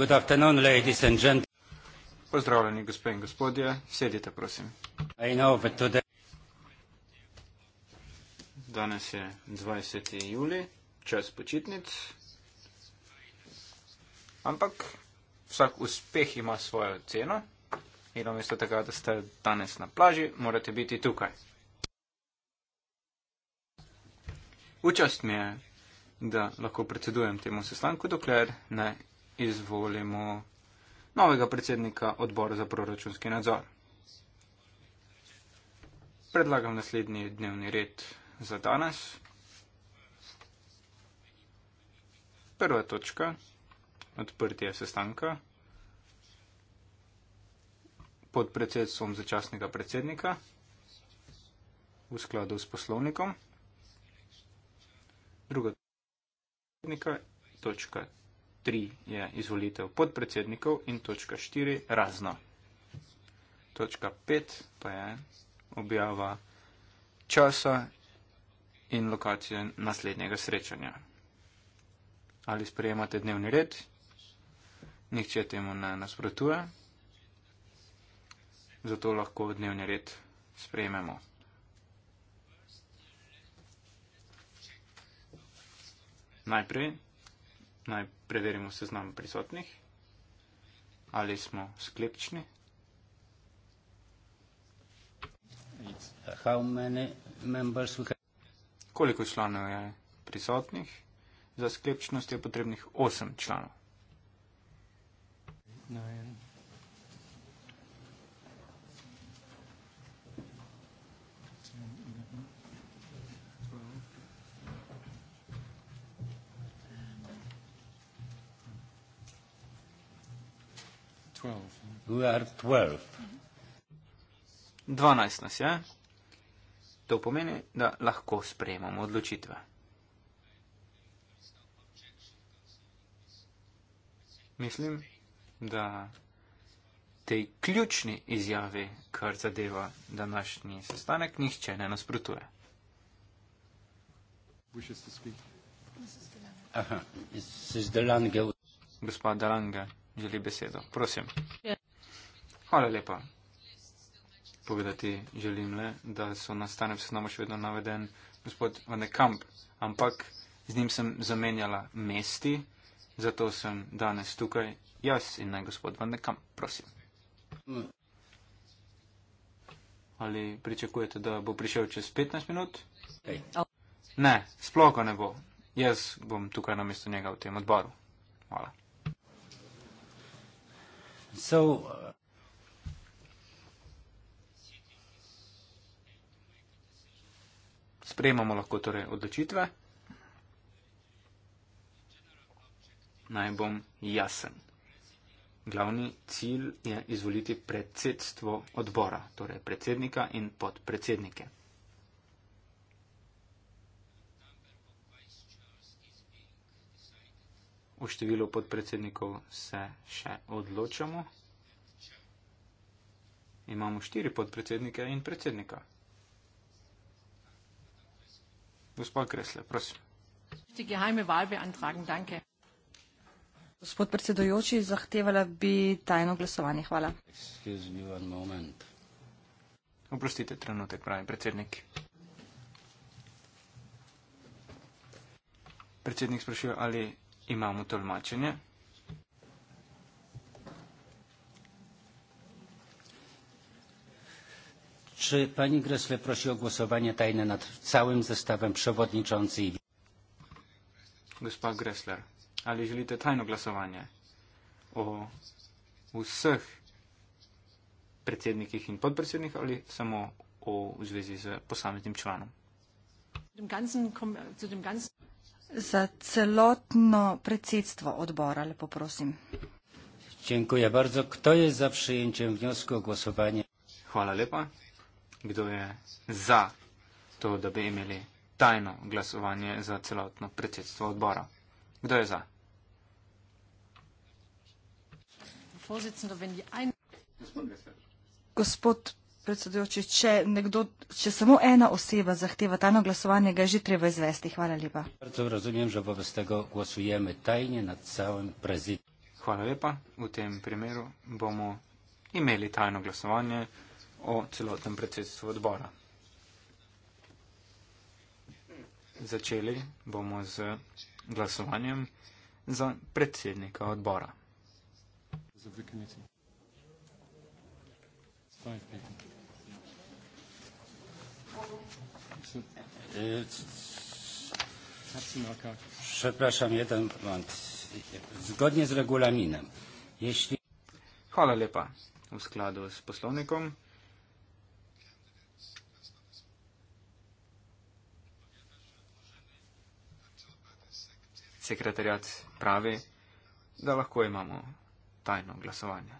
Good afternoon, ladies and gentlemen. Pozdravljeni, gospe in gospodje, sedite, prosim. I know that today... Danes je 20. juli, čas počitnic, ampak vsak uspeh ima svojo ceno in namesto tega, da ste danes na plaži, morate biti tukaj. Včast mi je, da lahko predsedujem temu sestanku, dokler ne izvolimo novega predsednika odbora za proračunski nadzor. Predlagam naslednji dnevni red za danes. Prva točka odprtje sestanka pod predsedstvom začasnega predsednika v skladu s poslovnikom. Druga točka 3 je izvolitev podpredsednikov in točka 4 razno. Točka 5 pa je objava časa in lokacije naslednjega srečanja. Ali sprejemate dnevni red? Nihče temu ne nasprotuje. Zato lahko dnevni red sprejmemo. Najprej naj preverimo seznam prisotnih, ali smo sklepčni. Uh, Koliko članov je prisotnih? Za sklepčnost je potrebnih 8 članov. No, no. 12 mhm. nas je. To pomeni, da lahko sprejemamo odločitve. Mislim, da tej ključni izjavi, kar zadeva današnji sestanek, nihče ne nasprotuje. Gospod Delange želi besedo. Prosim. Hvala lepa. Povedati želim le, da so na stanem seznamu še vedno naveden gospod Vanekamp, ampak z njim sem zamenjala mesti, zato sem danes tukaj jaz in naj gospod Vanekamp, prosim. Ali pričakujete, da bo prišel čez 15 minut? Ne, sploh ga ne bo. Jaz bom tukaj na mesto njega v tem odboru. Hvala. So, uh, sprejemamo lahko torej odločitve. Naj bom jasen. Glavni cilj je izvoliti predsedstvo odbora, torej predsednika in podpredsednike. v številu podpredsednikov se še odločamo. Imamo štiri podpredsednike in predsednika. Gospod Kresle, prosim. Gospod predsedojoči, zahtevala bi tajno glasovanje. Hvala. Oprostite, trenutek, pravi predsednik. Predsednik sprašuje, ali imamo tolmačenje. Czy pani Gresle prosi o głosowanie tajne nad całym zestawem przewodniczący i... Gospa Gressler, ale jeżeli to tajne głosowanie o wszystkich przedsiednikach i podprzedsiednikach, ale samo o związku z posamym tym członom? Zu tym ganzen, zu tym ganzen za celotno predsedstvo odbora, lepo prosim. Dziękuję bardzo. Kto jest za przyjęciem wniosku o głosowanie? Hvala lepa. Kdo je za to, da bi imeli tajno glasovanje za celotno predsedstvo odbora? Kdo je za? Gospod predsedujoči, če, nekdo, če samo ena oseba zahteva tano glasovanje, ga je že treba izvesti. Hvala lepa. Razumem, že pa vas tega glasujeme tajne nad celim prezidentom. Hvala lepa. V tem primeru bomo imeli tajno glasovanje o celotnem predsedstvu odbora. Začeli bomo z glasovanjem za predsednika odbora. Thank you. Przepraszam, jeden błąd. Zgodnie z regulaminem. Jeśli... Hvala lepa. V skladu s poslovnikom. Sekretarjat pravi, da lahko imamo tajno glasovanje.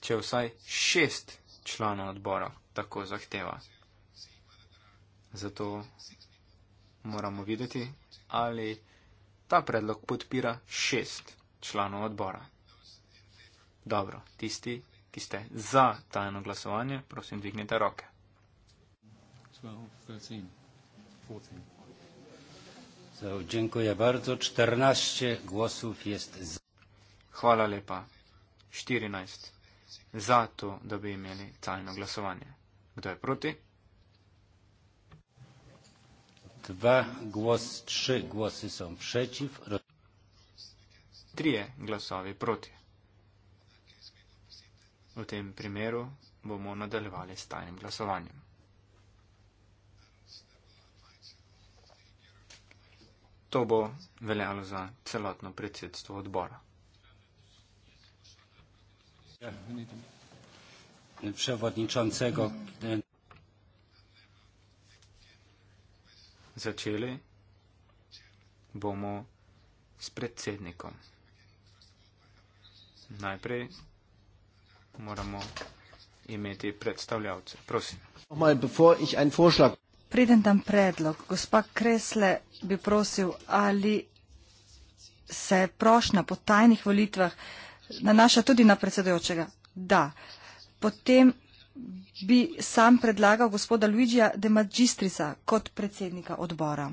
Če vsaj šest glasovanje člana odbora tako zahteva. Zato moramo videti, ali ta predlog podpira šest članov odbora. Dobro, tisti, ki ste za tajno glasovanje, prosim, dvignite roke. 14 glasov je za. Hvala lepa. 14 zato, da bi imeli tajno glasovanje. Kdo je proti? Dva glas, tri glasi so všečiv. Trije glasovi proti. V tem primeru bomo nadaljevali s tajnim glasovanjem. To bo veljalo za celotno predsedstvo odbora przewodniczącego. Zaczęli bomo z predsednikom. Najprej moramo imeti predstavljavce. Prosim. Preden dam predlog, gospa Kresle bi prosil, ali se prošnja po tajnih volitvah nanaša tudi na predsedojočega. Da. Potem bi sam predlagal gospoda Luigija de Magistrisa kot predsednika odbora.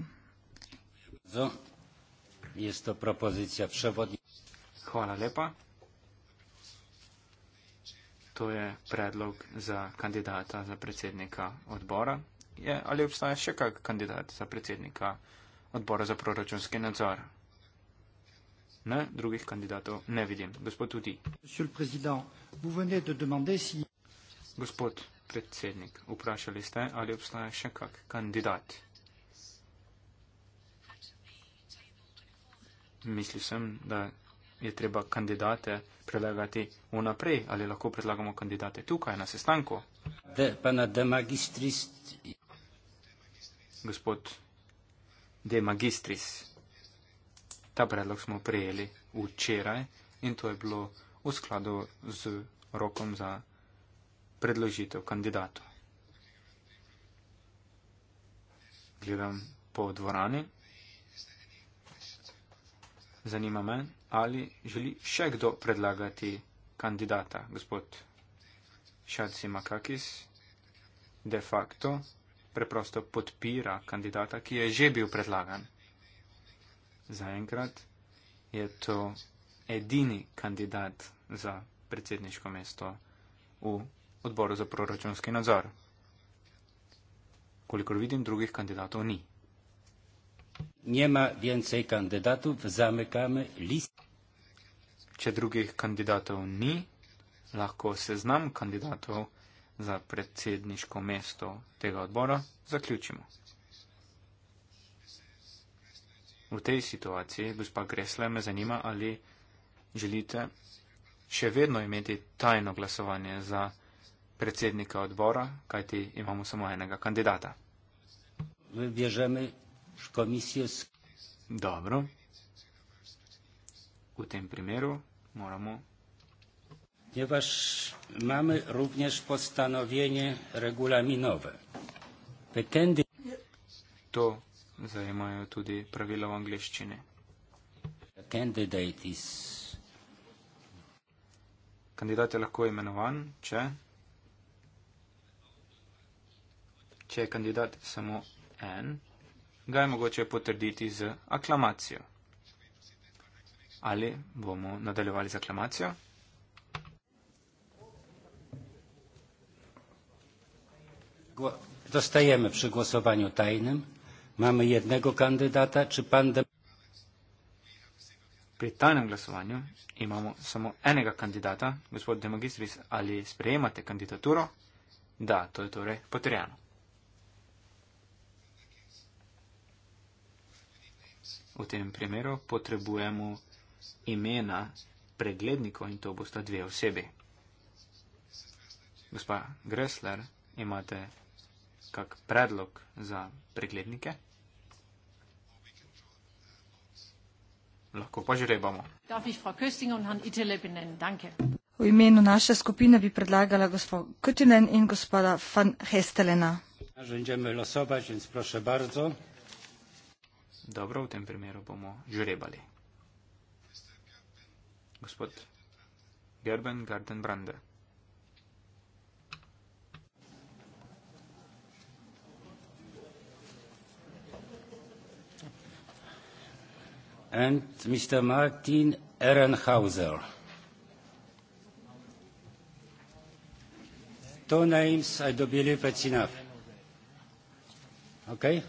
Hvala lepa. To je predlog za kandidata za predsednika odbora. Je, ali obstaja še kak kandidat za predsednika odbora za proračunski nadzor? Ne, drugih kandidatov ne vidim. Gospod Tudi. Gospod predsednik, vprašali ste, ali obstaja še kak kandidat. Mislil sem, da je treba kandidate prelagati vnaprej, ali lahko predlagamo kandidate tukaj na sestanku. De, pa na de magistrist. Gospod de magistris, Ta predlog smo prejeli včeraj in to je bilo v skladu z rokom za predložitev kandidatov. Gledam po dvorani. Zanima me, ali želi še kdo predlagati kandidata, gospod Šadzi Makakis. De facto preprosto podpira kandidata, ki je že bil predlagan zaenkrat je to edini kandidat za predsedniško mesto v odboru za proračunski nadzor. Kolikor vidim, drugih kandidatov ni. Njema vjencej kandidatov, vzame kame list. Če drugih kandidatov ni, lahko seznam kandidatov za predsedniško mesto tega odbora zaključimo. V tej situaciji, gospa Gresle, me zanima, ali želite še vedno imeti tajno glasovanje za predsednika odbora, kajti imamo samo enega kandidata. Dobro. V tem primeru moramo. Ponieważ mamy również postanowienie regulaminowe. Pytendy... To zajemajo tudi pravila v angliščini. Kandidat je lahko imenovan, če, če je kandidat samo en, ga je mogoče potrditi z aklamacijo. Ali bomo nadaljevali z aklamacijo? Dostajemo pri glasovanju tajnem. Mamy jednego kandydata, czy pan... Pri tajnem glasovanju imamo samo enega kandidata, gospod de magistris, ali sprejemate kandidaturo? Da, to je torej potrejeno. V tem primeru potrebujemo imena preglednikov in to bosta dve osebi. Gospa Gressler, imate kak predlog za preglednike? lahko pa žrebamo. V imenu naše skupine bi predlagala gospod Kutinen in gospoda van Hestelena. Dobro, v tem primeru bomo žrebali. Gospod Gerben Gardenbrander. and Mr. Martin Ehrenhauser. Two names, I do believe it's enough. Okay?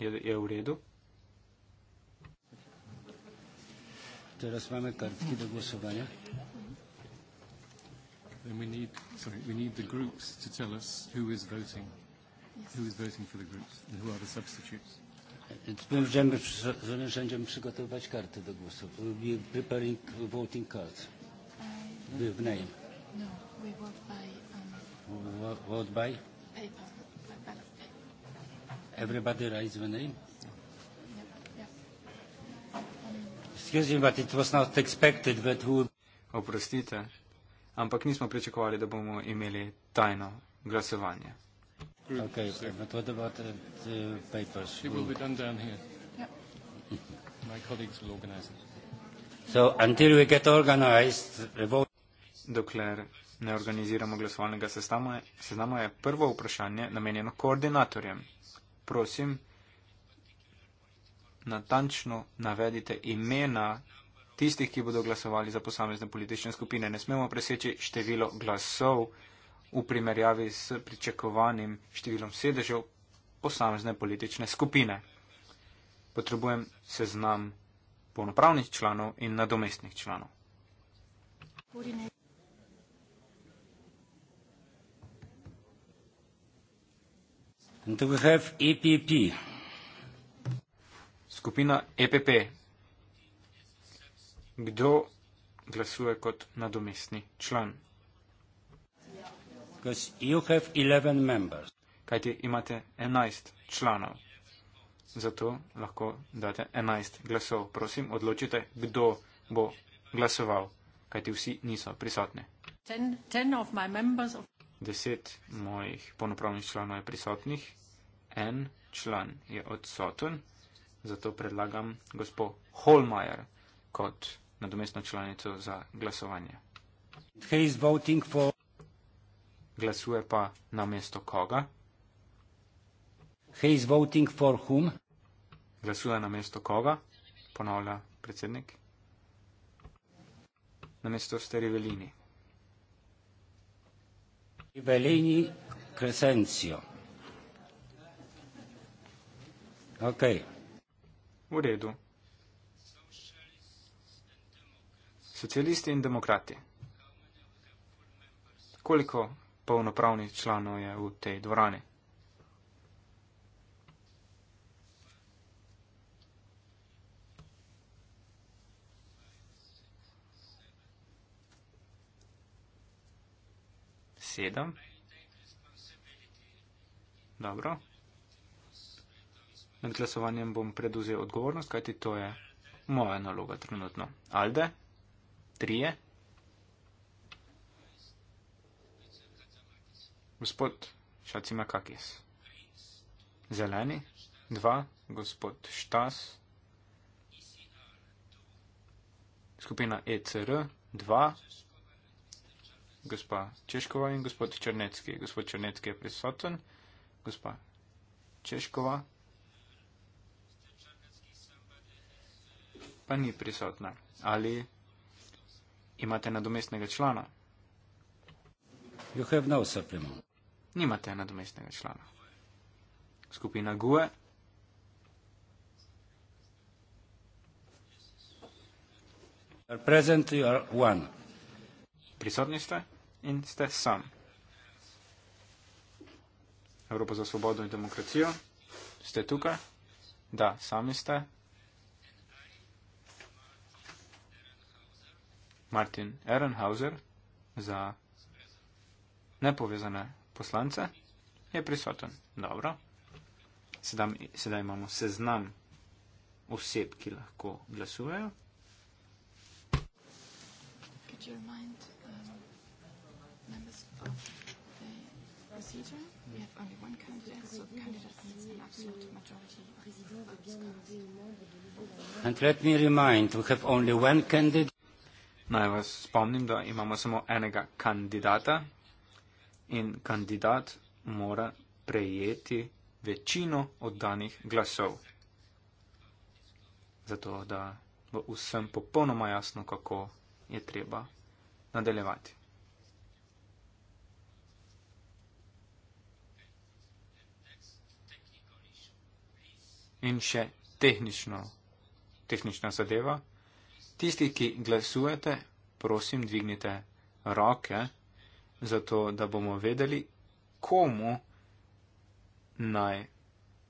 Je, je v redu. Teraz mamy kartki do głosowania. Then we need, sorry, we need the groups to tell us who is voting, who is voting for the groups and who are the substitutes. Będziemy, będziemy przygotowywać karty do głosu. We'll be preparing voting cards. Uh, with name. No, we vote by... Um, vote, vote by? Paper. Everybody writes the name? Excuse me, but it was not expected that who... Oprostite, ampak nismo pričakovali, da bomo imeli tajno glasovanje. Okay, but what about the, the papers? It will be done down here. Yeah. My colleagues will organize it. So until we get organized, we vote. Dokler ne organiziramo glasovalnega seznama, je prvo vprašanje namenjeno koordinatorjem. Prosim, natančno navedite imena tistih, ki bodo glasovali za posamezne politične skupine. Ne smemo preseči število glasov v primerjavi s pričakovanim številom sedežev posamezne politične skupine. Potrebujem seznam polnopravnih članov in nadomestnih članov. EPP. E Skupina EPP. Kdo glasuje kot nadomestni član? Kajti imate 11 članov. Zato lahko date 11 glasov. Prosim, odločite, kdo bo glasoval, kajti vsi niso prisotni. 10 mojih polnopravnih članov je prisotnih, en član je odsoten, zato predlagam gospod Holmajer kot nadomestno članico za glasovanje. He is voting for glasuje pa na mesto koga? He is voting for whom? Glasuje na mesto koga? Ponavlja predsednik. Na mesto stari Velini. Velini Crescencio. Ok. V redu. Socialisti in demokrati. Koliko polnopravnih članov je v tej dvorani. Sedem. Dobro. Med glasovanjem bom preduzel odgovornost, kajti to je moja naloga trenutno. Alde? Trije? gospod Šacimakakis. Zeleni, dva, gospod Štas. Skupina ECR, dva, gospa Češkova in gospod Črnecki. Gospod Črnecki je prisoten, gospa Češkova. Pa ni prisotna. Ali imate nadomestnega člana? You have no supplement. Nimate nadomestnega člana. Skupina GUE. Present, you are one. Prisotni ste in ste sam. Evropa za svobodo in demokracijo. Ste tukaj? Da, sami ste. Martin Ehrenhauser za nepovezane poslance, je prisoten. Dobro. Sedaj, sedaj imamo seznam oseb, ki lahko glasujejo. Um, Naj vas spomnim, da imamo samo enega kandidata, in kandidat mora prejeti večino oddanih glasov. Zato, da bo vsem popolnoma jasno, kako je treba nadaljevati. In še tehnično, tehnična zadeva. Tisti, ki glasujete, prosim, dvignite roke, zato da bomo vedeli, komu naj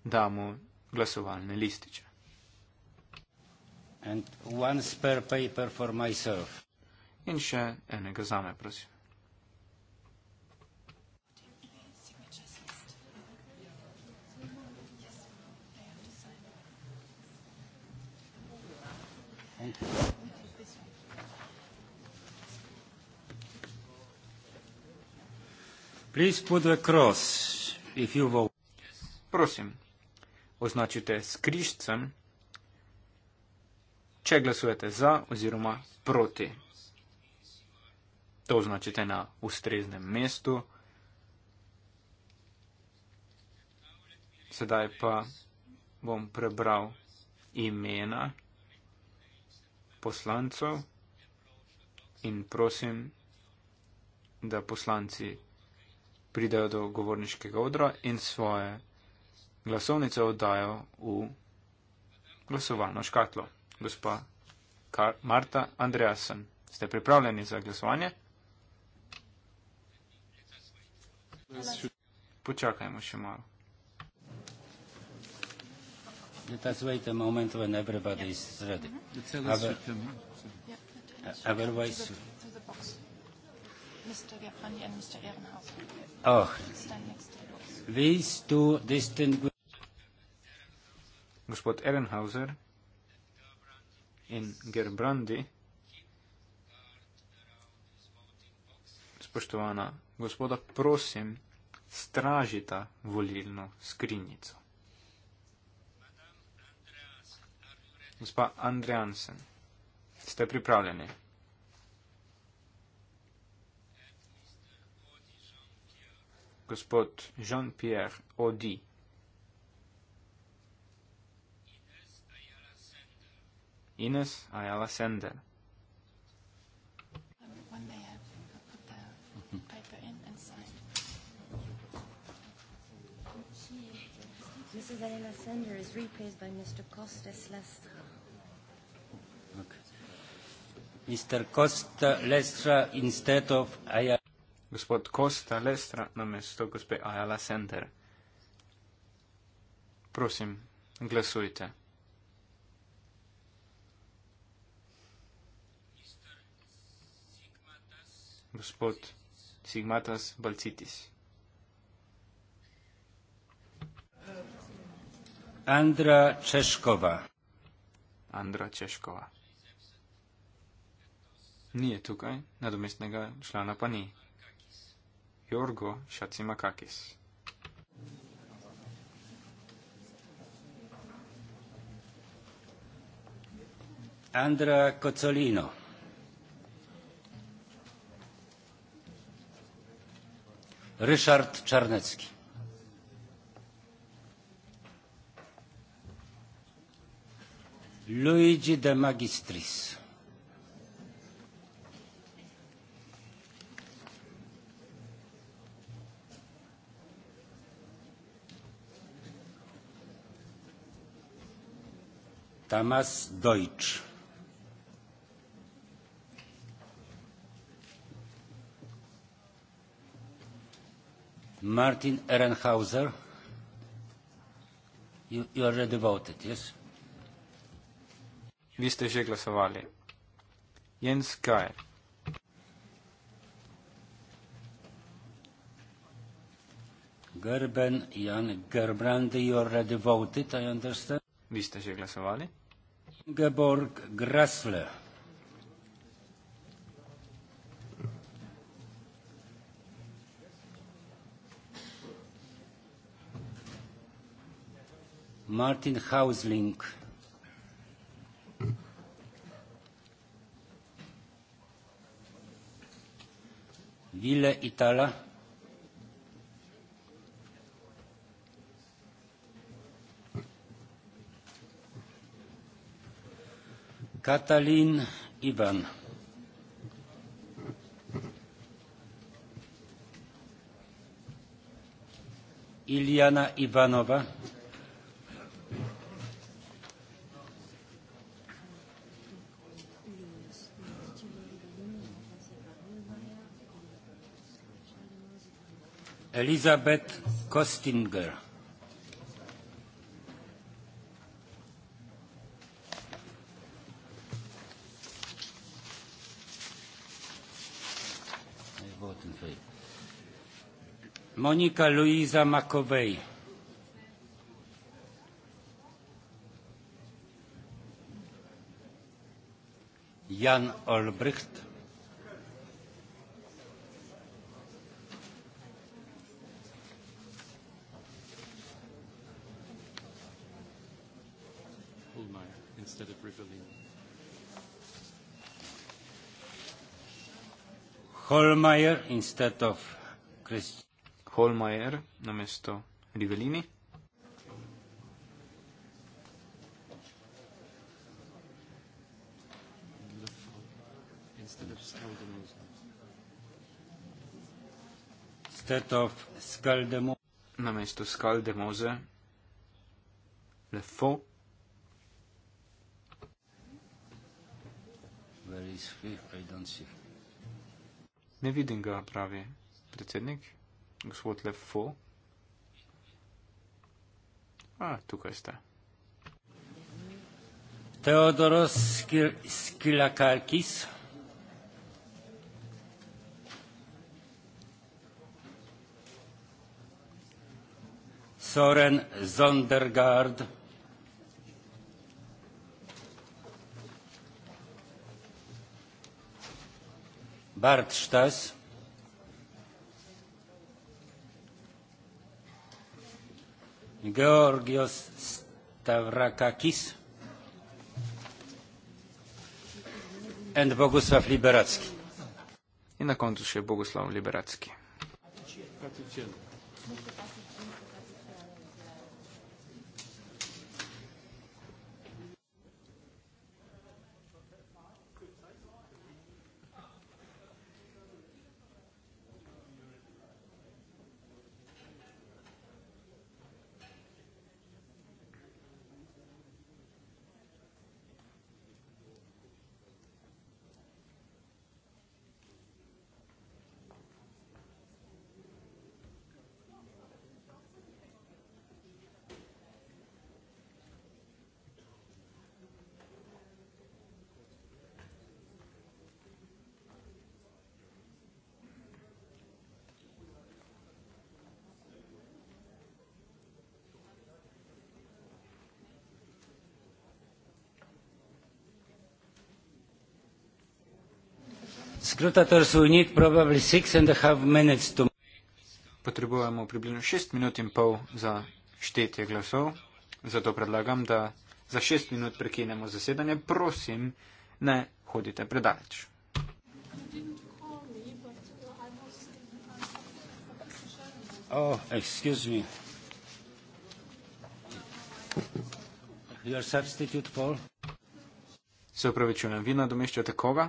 damo glasovalne lističe. In še enega zame, prosim. Thank you. Please put the cross if you will. Prosim, označite s križcem, če glasujete za oziroma proti. To označite na ustreznem mestu. Sedaj pa bom prebral imena poslancov in prosim, da poslanci pridajo do govorniškega odra in svoje glasovnice oddajo v glasovalno škatlo. Gospa Kar Marta Andreasen, ste pripravljeni za glasovanje? Počakajmo še malo. Let us wait a moment when everybody yeah. is ready. Mm -hmm. Other, yeah. Ja, no. Otherwise. Yeah. Mr. Gerbrandy and Mr. Ehrenhaus. These two distinguished Gospod Ehrenhauser in Gerbrandy. Spoštovana gospoda, prosim, stražita volilno skrinjico. Gospa Andreansen, ste pripravljeni? gospod Jean-Pierre Audi. Ines Ayala Sender. Mrs. Ayala Sender is replaced by Mr. Costas Lestra. Okay. Mr. Costas Lestra instead of Ayala gospod Kosta Lestra na mesto gospe Ayala Center. Prosim, glasujte. Gospod Sigmatas Balcitis. Andra Češkova. Andra Češkova. Ni je tukaj, nadomestnega člana pa ni. Jorgo Šacimakakis. Andra Cozzolino. Ryszard Czarnecki. Luigi de Magistris. Tamas Deutsch. Martin Ehrenhauser, you, you already voted, yes? Vi ste že glasovali. Jens Kaj. Gerben Jan Gerbrand, you already voted, I understand. Vi ste že glasovali? Ingeborg Grasle. Martin Hausling. Ville Itala. Katalin Gibran. Iljana Ivanova. Elizabeth Kostinger. Monika Luiza Makovej. Jan Olbricht. Holmeier instead of Christian. Kolmajer na mesto Rivelini. Na mesto Skaldemoze, Lefo. Ne vidim ga, pravi predsednik gospod Lefo. A, tukaj ste. Teodoros Skil Skilakarkis. Soren Zondergaard. Bart Stas. Georgios Stavrakakis and Bogusław Liberacki. In na koncu še Bogusław Liberacki. Scrutator need probably six and a half minutes to Potrebujemo približno šest minut in pol za štetje glasov, zato predlagam, da za šest minut prekinemo zasedanje. Prosim, ne hodite predaleč. Oh, excuse me. Your substitute, Paul? Se upravičujem, vi nadomeščate koga?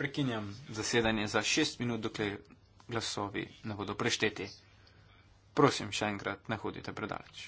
Prekinjam zasedanje za šest minut, dokler glasovi ne bodo prešteti. Prosim, še enkrat ne hodite predaleč.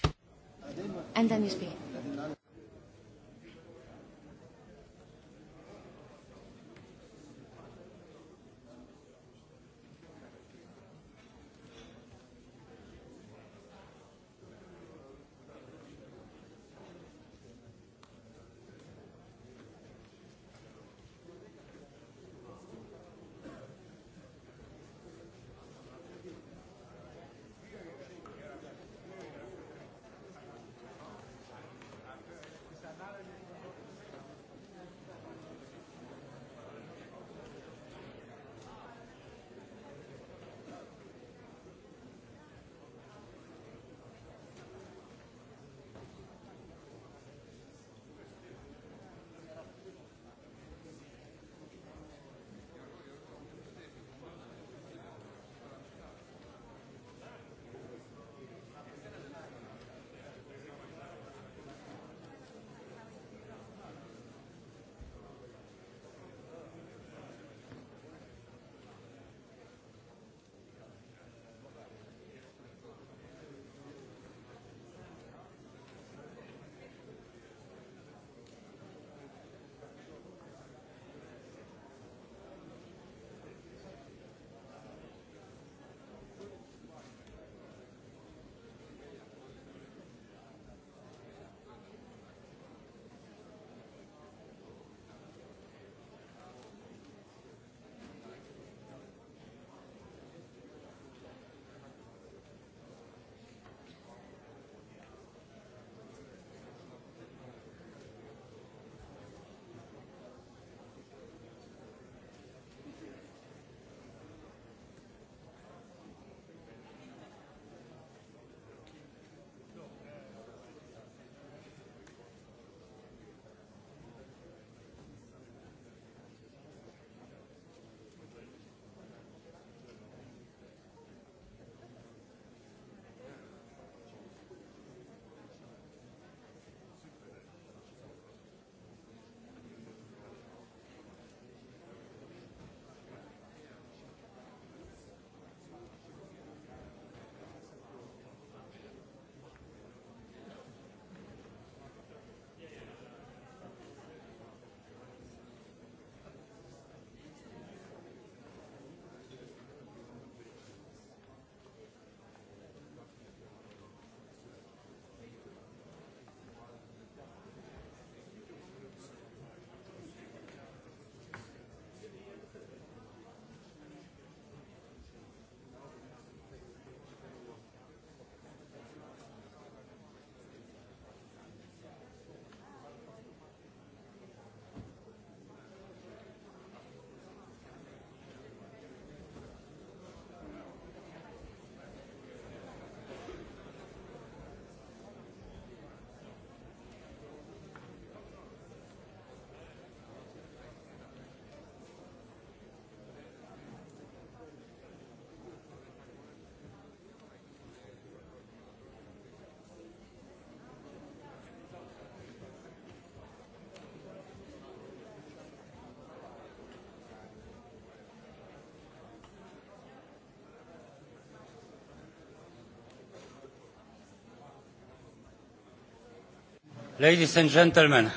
Ladies and gentlemen.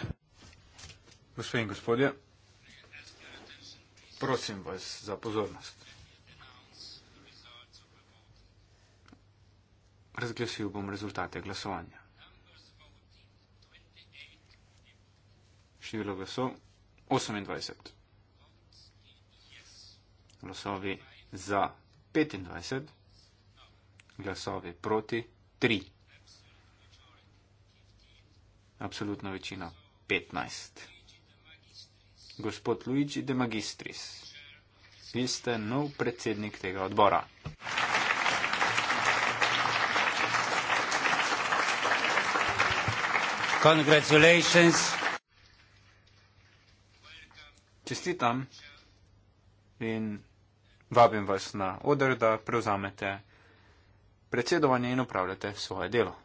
Gospe in gospodje, prosim vas za pozornost. Razglasil bom rezultate glasovanja. Število glasov 28. Glasovi za 25, glasovi proti 3 absolutno večino 15. Gospod Luigi de Magistris, vi ste nov predsednik tega odbora. Čestitam in vabim vas na odr, da prevzamete predsedovanje in upravljate svoje delo.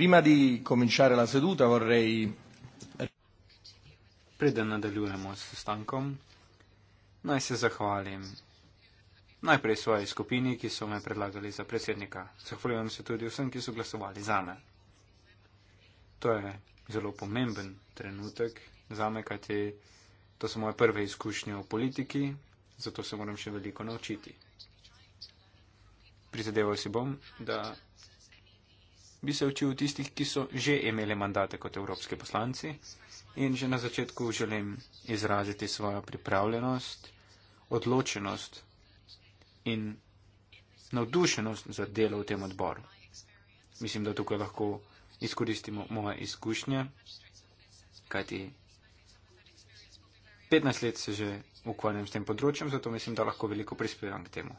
Prima di cominciare la seduta vorrei. Preden nadaljujemo s sestankom, naj se zahvalim najprej svoji skupini, ki so me predlagali za predsednika. Zahvaljujem se tudi vsem, ki so glasovali za me. To je zelo pomemben trenutek za me, kajti to so moje prve izkušnje v politiki, zato se moram še veliko naučiti. Prizadeval si bom, da bi se učil tistih, ki so že imeli mandate kot evropski poslanci. In že na začetku želim izraziti svojo pripravljenost, odločenost in navdušenost za delo v tem odboru. Mislim, da tukaj lahko izkoristimo moje izkušnje, kajti 15 let se že ukvarjam s tem področjem, zato mislim, da lahko veliko prispevam k temu.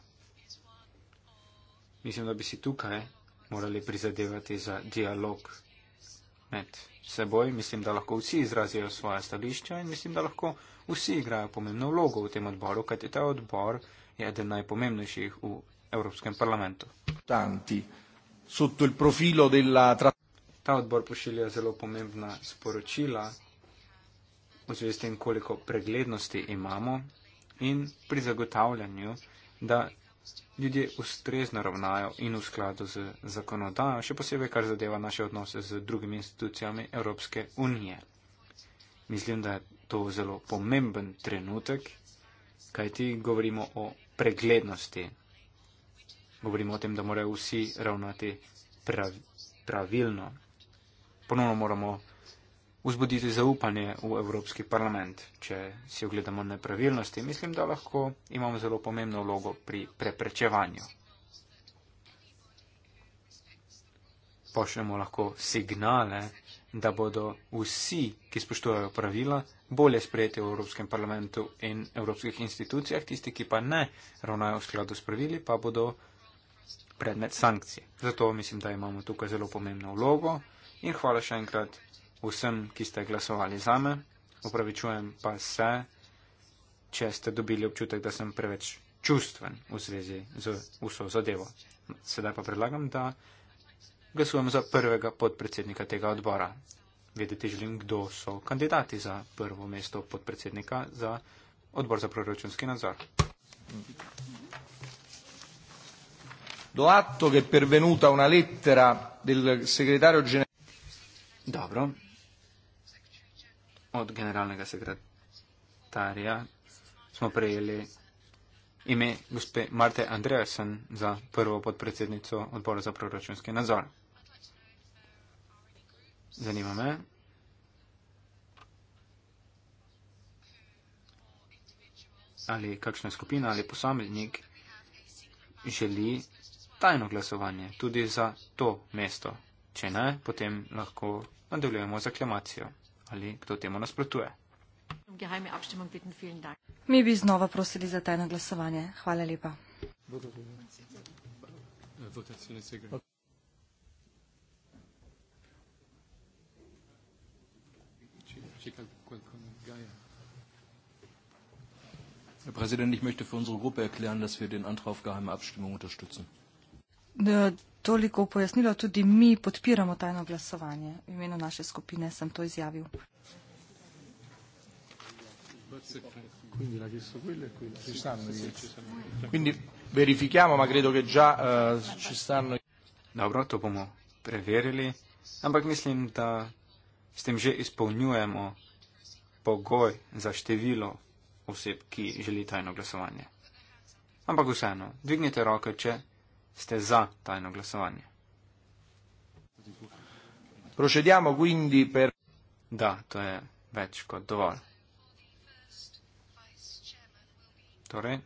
Mislim, da bi si tukaj morali prizadevati za dialog med seboj. Mislim, da lahko vsi izrazijo svoja stališča in mislim, da lahko vsi igrajo pomembno vlogo v tem odboru, kajti ta odbor je eden najpomembnejših v Evropskem parlamentu. Tanti, sotto il profilo della Ta odbor pošilja zelo pomembna sporočila v zvezi s tem, koliko preglednosti imamo in pri zagotavljanju, da ljudje ustrezno ravnajo in v skladu z zakonodajo, še posebej kar zadeva naše odnose z drugimi institucijami Evropske unije. Mislim, da je to zelo pomemben trenutek, kaj ti govorimo o preglednosti. Govorimo o tem, da morajo vsi ravnati pravilno. Ponovno moramo vzbuditi zaupanje v Evropski parlament. Če si ogledamo nepravilnosti, mislim, da lahko imamo zelo pomembno vlogo pri preprečevanju. Pošljemo lahko signale, da bodo vsi, ki spoštujejo pravila, bolje sprejeti v Evropskem parlamentu in evropskih institucijah, tisti, ki pa ne ravnajo v skladu s pravili, pa bodo predmet sankcij. Zato mislim, da imamo tukaj zelo pomembno vlogo in hvala še enkrat vsem, ki ste glasovali za me. Opravičujem pa se, če ste dobili občutek, da sem preveč čustven v zvezi z vso zadevo. Sedaj pa predlagam, da glasujem za prvega podpredsednika tega odbora. Vedeti želim, kdo so kandidati za prvo mesto podpredsednika za odbor za proračunski nadzor. Do atto, ki je pervenuta una lettera del segretarja generala. Dobro, od generalnega sekretarja smo prejeli ime gospe Marte Andreasen za prvo podpredsednico odbora za proračunski nadzor. Zanima me, ali kakšna skupina ali posameznik želi tajno glasovanje tudi za to mesto. Če ne, potem lahko nadaljujemo z aklamacijo ali kdo temu nasprotuje. Mi bi znova prosili za tajno glasovanje. Hvala lepa. Herr Präsident, ich möchte für unsere Gruppe erklären, dass wir den Antrag auf geheime Abstimmung unterstützen. Eh, toliko pojasnilo, tudi mi podpiramo tajno glasovanje. V imenu naše skupine sem to izjavil. Eh, Dobro, to bomo preverili, ampak mislim, da s tem že izpolnjujemo pogoj za število oseb, ki želi tajno glasovanje. Ampak vseeno, dvignite roke, če ste za tajno glasovanje. Procediamo quindi per. Da, to je več kot dovolj. Torej,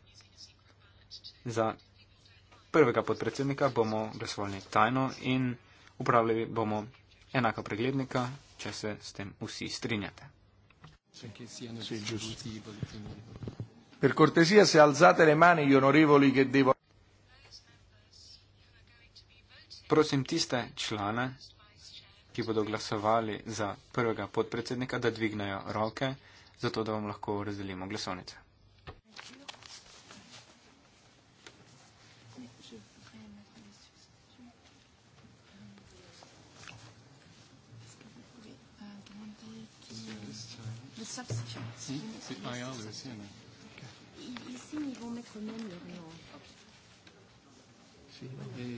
za prvega podpredsednika bomo glasovali tajno in upravljali bomo enako preglednika, če se s tem vsi strinjate. Per cortesia, se alzate le mani, gli onorevoli che devo. prosim tiste člane, ki bodo glasovali za prvega podpredsednika, da dvignajo roke, zato da vam lahko razdelimo glasovnice. Si, c'est pas grave, c'est un. Ici, ils vont mettre même leur nom. Si, et.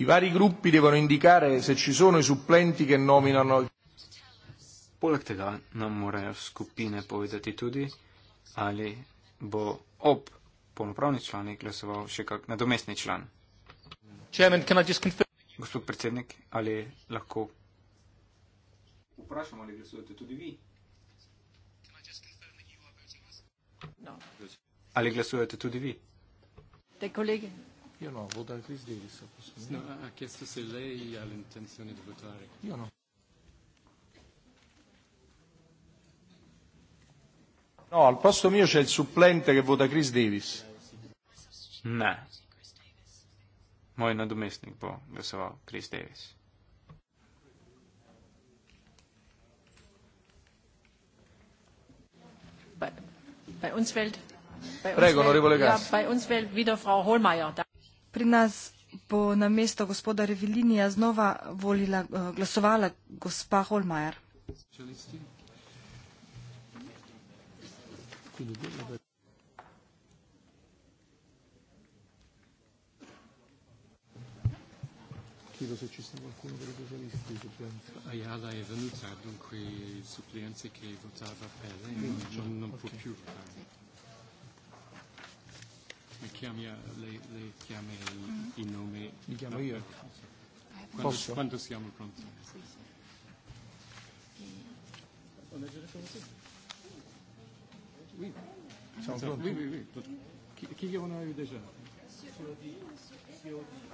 I vari gruppi devono indicare se ci sono i supplenti che nominano. Poleg tega nam morajo skupine povedati tudi, ali bo ob polnopravni člani glasoval še kak nadomestni član. Chairman, can I just confer- Gospod predsednik, ali lahko vprašam, ali glasujete tudi vi? No. Ali glasujete tudi vi? Te kolege. Io no, vota Chris Davis. No, ha chiesto se lei ha l'intenzione di votare. Io no. No, al posto mio c'è il supplente che vota Chris Davis. No. Moi non domestico, po, adesso ho Chris Davis. Bei uns fällt, bei uns Prego, fällt, onorevole Gas. Ja, bei uns fällt wieder Frau Hohlmeier da. Pri nas bo na mesto gospoda Revilinija znova volila, glasovala gospa Holmajer. Hvala chiami, le, le chiami il, mm-hmm. il nome. Mi chiamo no, io. Quando, Posso? quando siamo pronti. Sì, sì. Oui. Siamo pronti. Oui, oui, oui. Chi, chi che non avevi già? Si odi, si odi.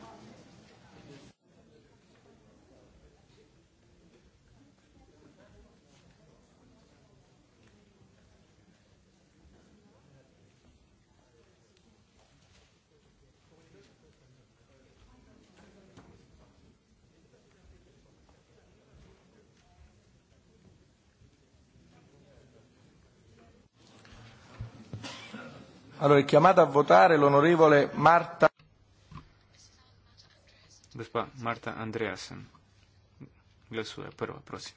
Allora è chiamata a votare l'onorevole Marta. Marta Andreasen. La sua però la prossima.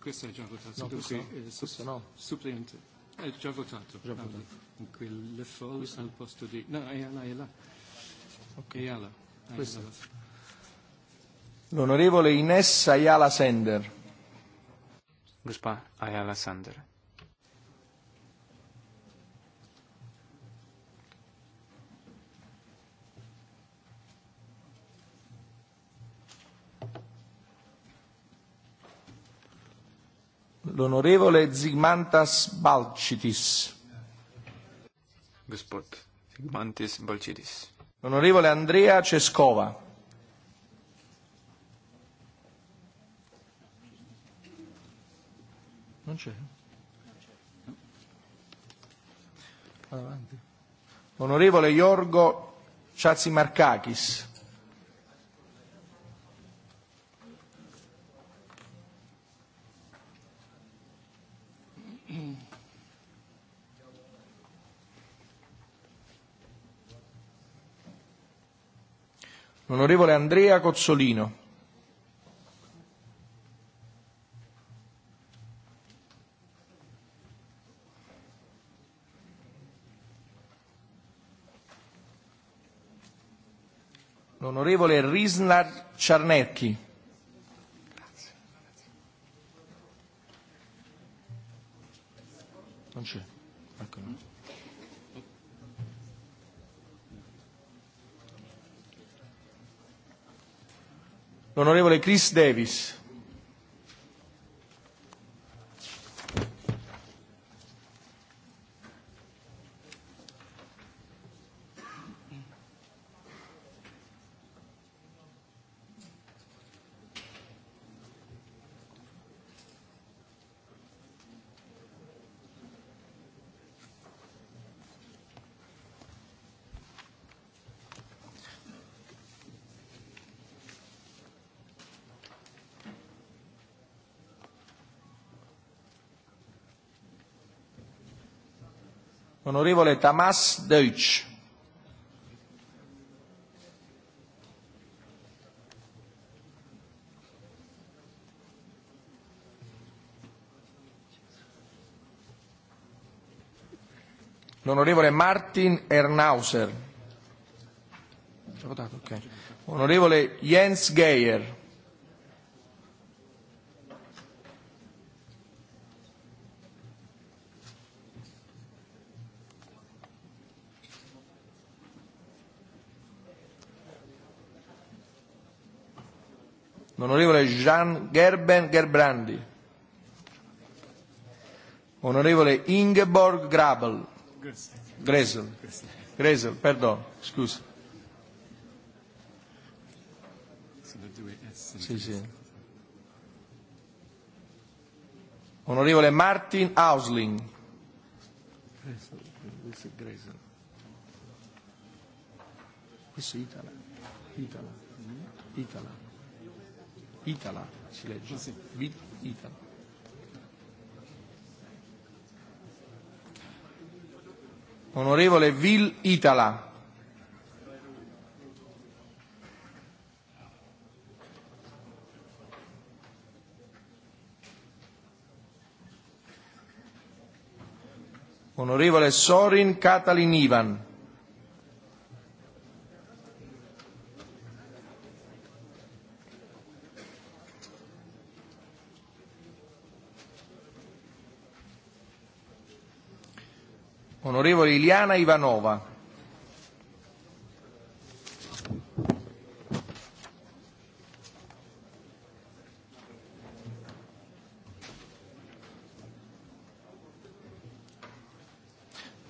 Questa è già votata, no, dunque questo, no. eh, questo no. supplente. È già votato. Già votato. Allora, ah, dunque le folle al posto di... No, è là, è là. Okay. È là. È là. È là. L'onorevole Ines Ayala Sender. Gospa Ayala Sender. L'onorevole Zigmantas Balcitis. Gospod Zigmantis Balcitis. L'onorevole Andrea Cescova. Non c'è. Vado avanti. Onorevole Iorgo Chatsimarkakis. Onorevole Andrea Cozzolino. l'onorevole Risnar Ciarnecchi. Non c'è. Ecco. No. L'onorevole Chris Davis. Onorevole Tamas Deutsch. L'onorevole Martin Ernauser. Onorevole Jens Geyer. Jean Gerben Gerbrandi. Onorevole Ingeborg Grabel. Gresel. Gresel, perdon, scusa. Sì, sì. Onorevole Martin Ausling. Italia. Italia. Italia. Itala, si legge. Sì. Vit Itala. Onorevole Vil Itala. Onorevole Sorin Katalin Ivan. Liliana Ivanova.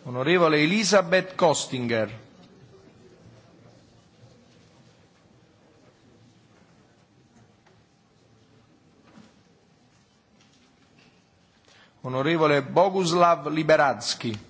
Onorevole Elisabeth Kostinger. Onorevole Boguslav Liberadski.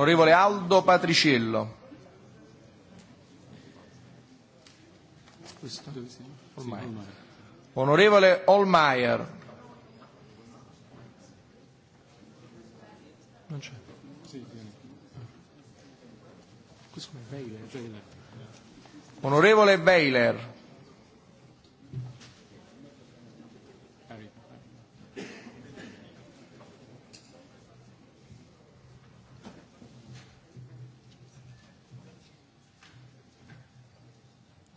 Onorevole Aldo Patriciello. Onorevole Olmaier. Non c'è. Onorevole Weiler.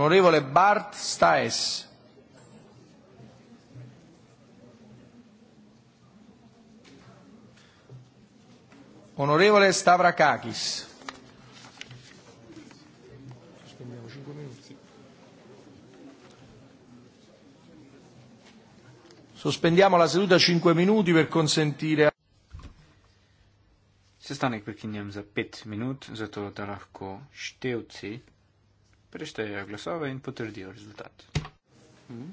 onorevole Bart Staes. Onorevole Stavrakakis. Sospendiamo la seduta 5 minuti per consentire. Sestanek prekinjam za 5 minut, zato da lahko števci preštejejo glasove in potrdijo rezultat. Mm -hmm.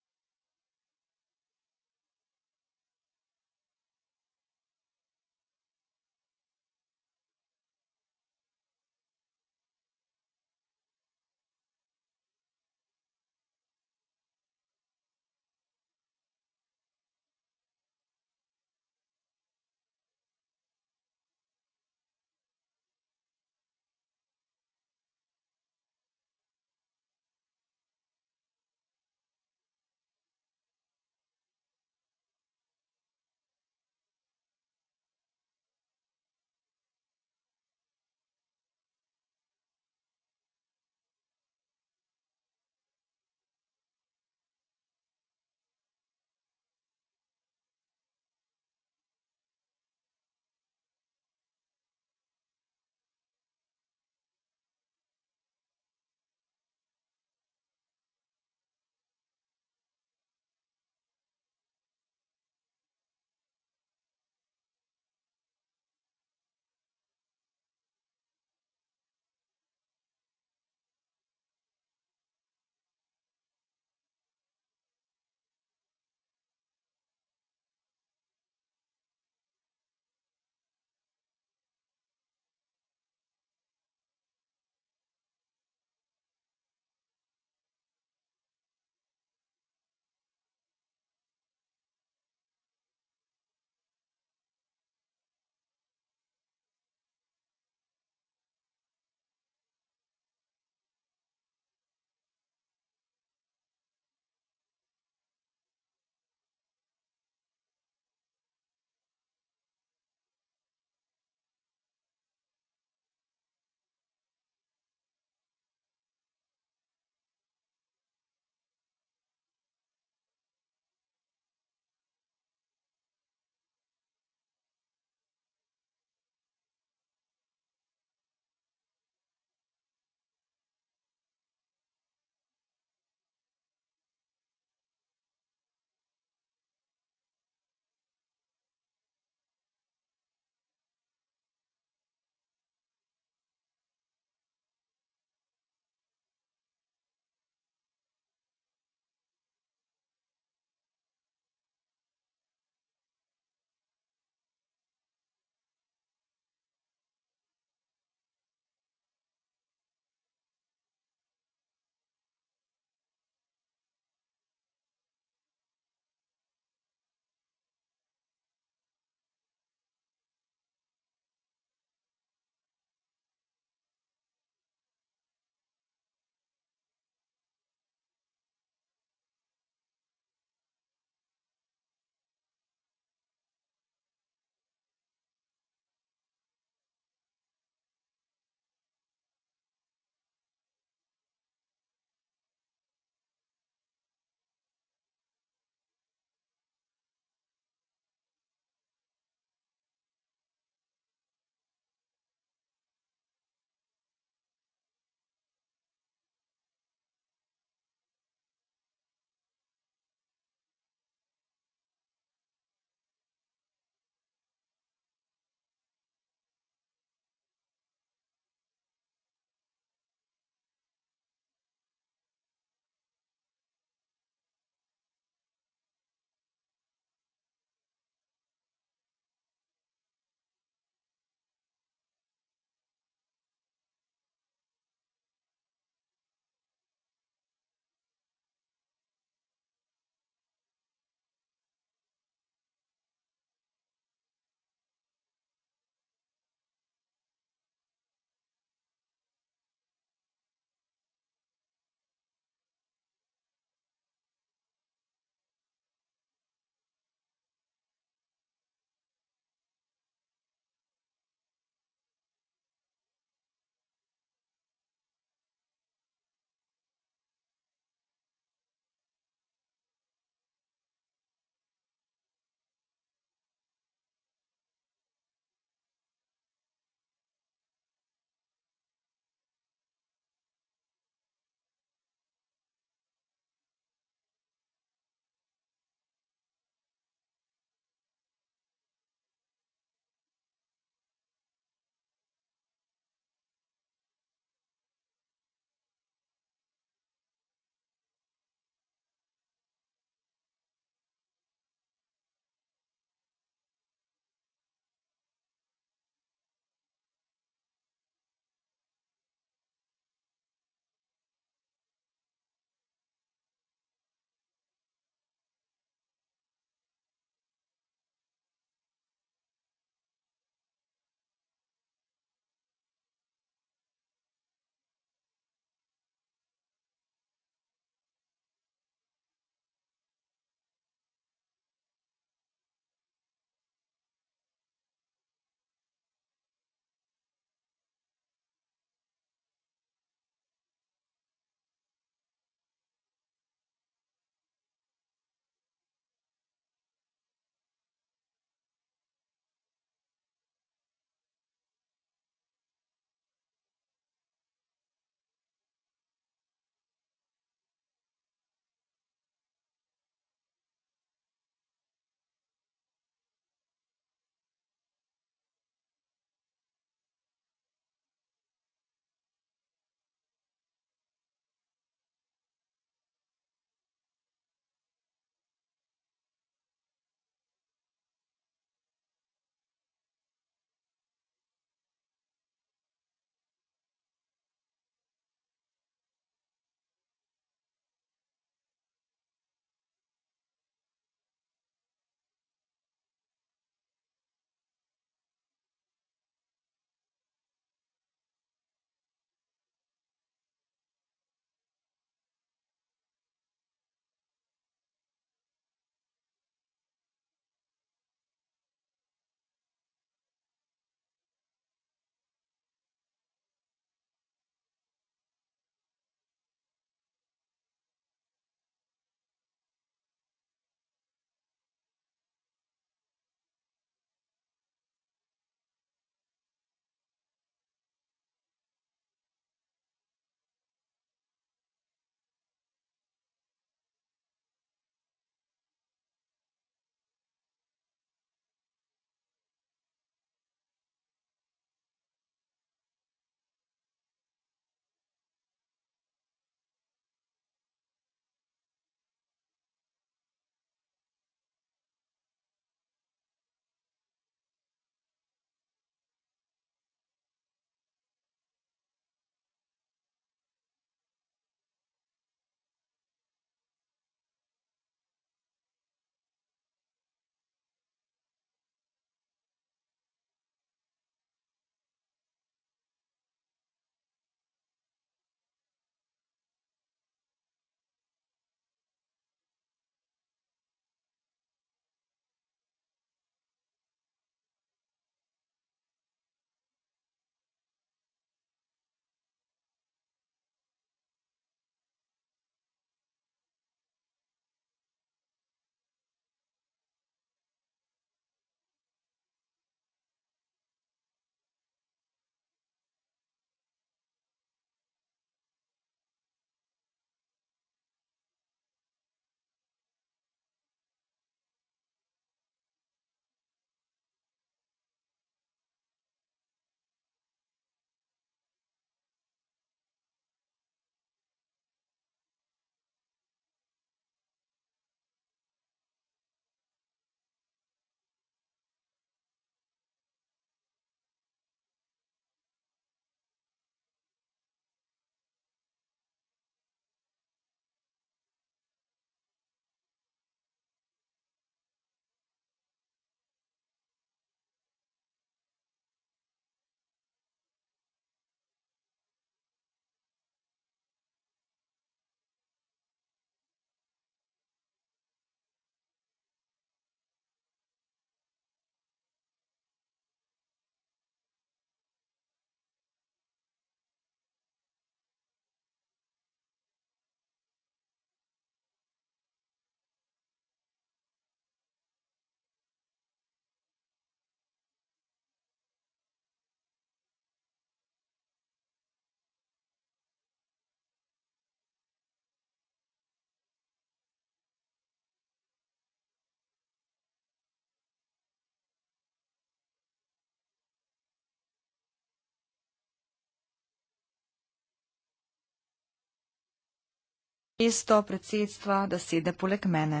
mesto predsedstva, da sede poleg mene.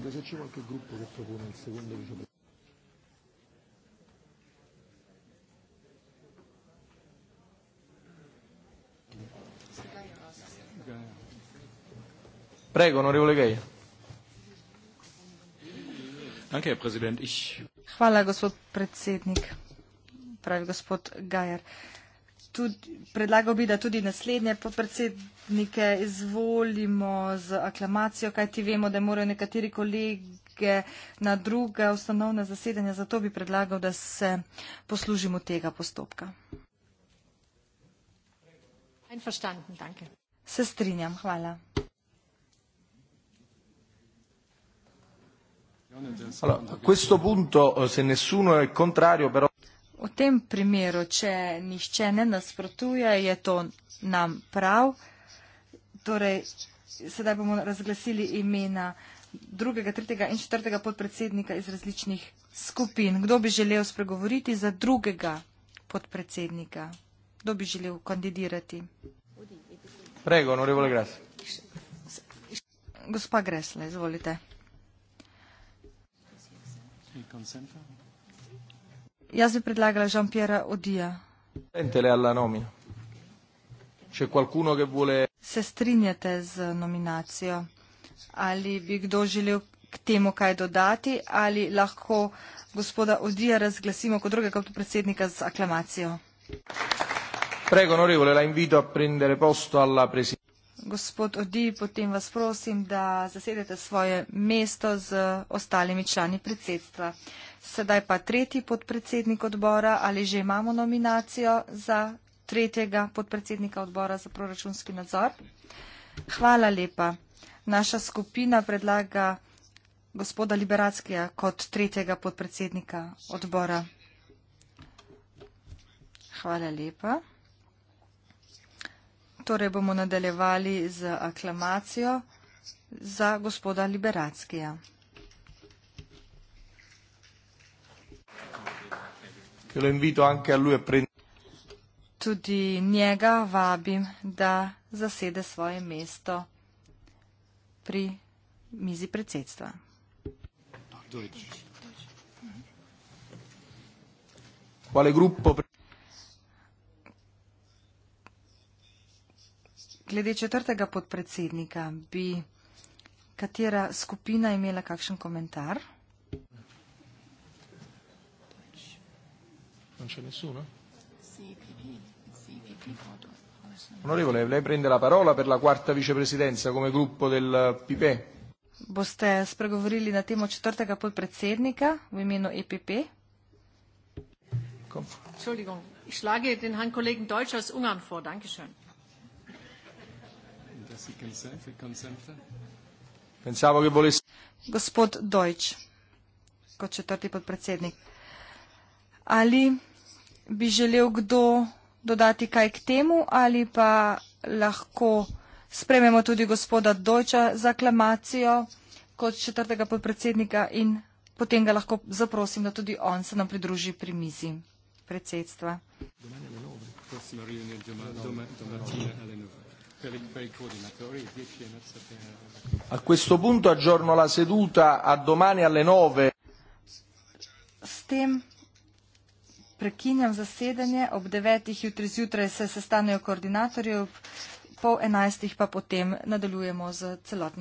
partita, se c'è qualche gruppo che propone il secondo vicepresidente. Prego, onorevole Gaia. Anche Presidente. Hvala, gospod predsednik. Pravi gospod Gajer tudi, predlagal bi, da tudi naslednje podpredsednike izvolimo z aklamacijo, kajti vemo, da morajo nekateri kolege na druga ustanovna zasedanja, zato bi predlagal, da se poslužimo tega postopka. Se strinjam, hvala. Allora, a questo punto, eh, se nessuno è contrario, però... V tem primeru, če nišče ne nasprotuje, je to nam prav. Torej, sedaj bomo razglasili imena drugega, tretjega in četrtega podpredsednika iz različnih skupin. Kdo bi želel spregovoriti za drugega podpredsednika? Kdo bi želel kandidirati? Prego, norevole gres. Gospa Gresla, izvolite. Jaz bi predlagala Jean-Pierre Odija. Vuole... Se strinjate z nominacijo? Ali bi kdo želel k temu kaj dodati? Ali lahko gospoda Odija razglasimo kot drugega kot predsednika z aklamacijo? Prego, onorevole, la invito a prendere posto alla presidenza. Gospod Odij, potem vas prosim, da zasedete svoje mesto z ostalimi člani predsedstva. Sedaj pa tretji podpredsednik odbora, ali že imamo nominacijo za tretjega podpredsednika odbora za proračunski nadzor? Hvala lepa. Naša skupina predlaga gospoda Liberackija kot tretjega podpredsednika odbora. Hvala lepa. Torej bomo nadaljevali z aklamacijo za gospoda Liberackija. che lo invito anche a lui a prendere. Tudi njega vabim, da zasede svoje mesto pri mizi predsedstva. Quale gruppo? Glede četrtega podpredsednika, bi katera skupina imela kakšen komentar? Non c'è nessuno? No. Onorevole, lei prende la parola per la quarta vicepresidenza come gruppo del PP. Boste spregovorili na temo četrtega podpredsednika v imenu EPP. Gospod Deutsch, kot četrti podpredsednik. Ali bi želel kdo dodati kaj k temu ali pa lahko sprememo tudi gospoda Dojča za aklamacijo kot četrtega podpredsednika in potem ga lahko zaprosim, da tudi on se nam pridruži pri mizi predsedstva. A questo punto aggiorno la seduta a domani alle 9. S tem prekinjam zasedanje, ob devetih jutri zjutraj se sestanejo koordinatorji, ob pol enajstih pa potem nadaljujemo z celotnim.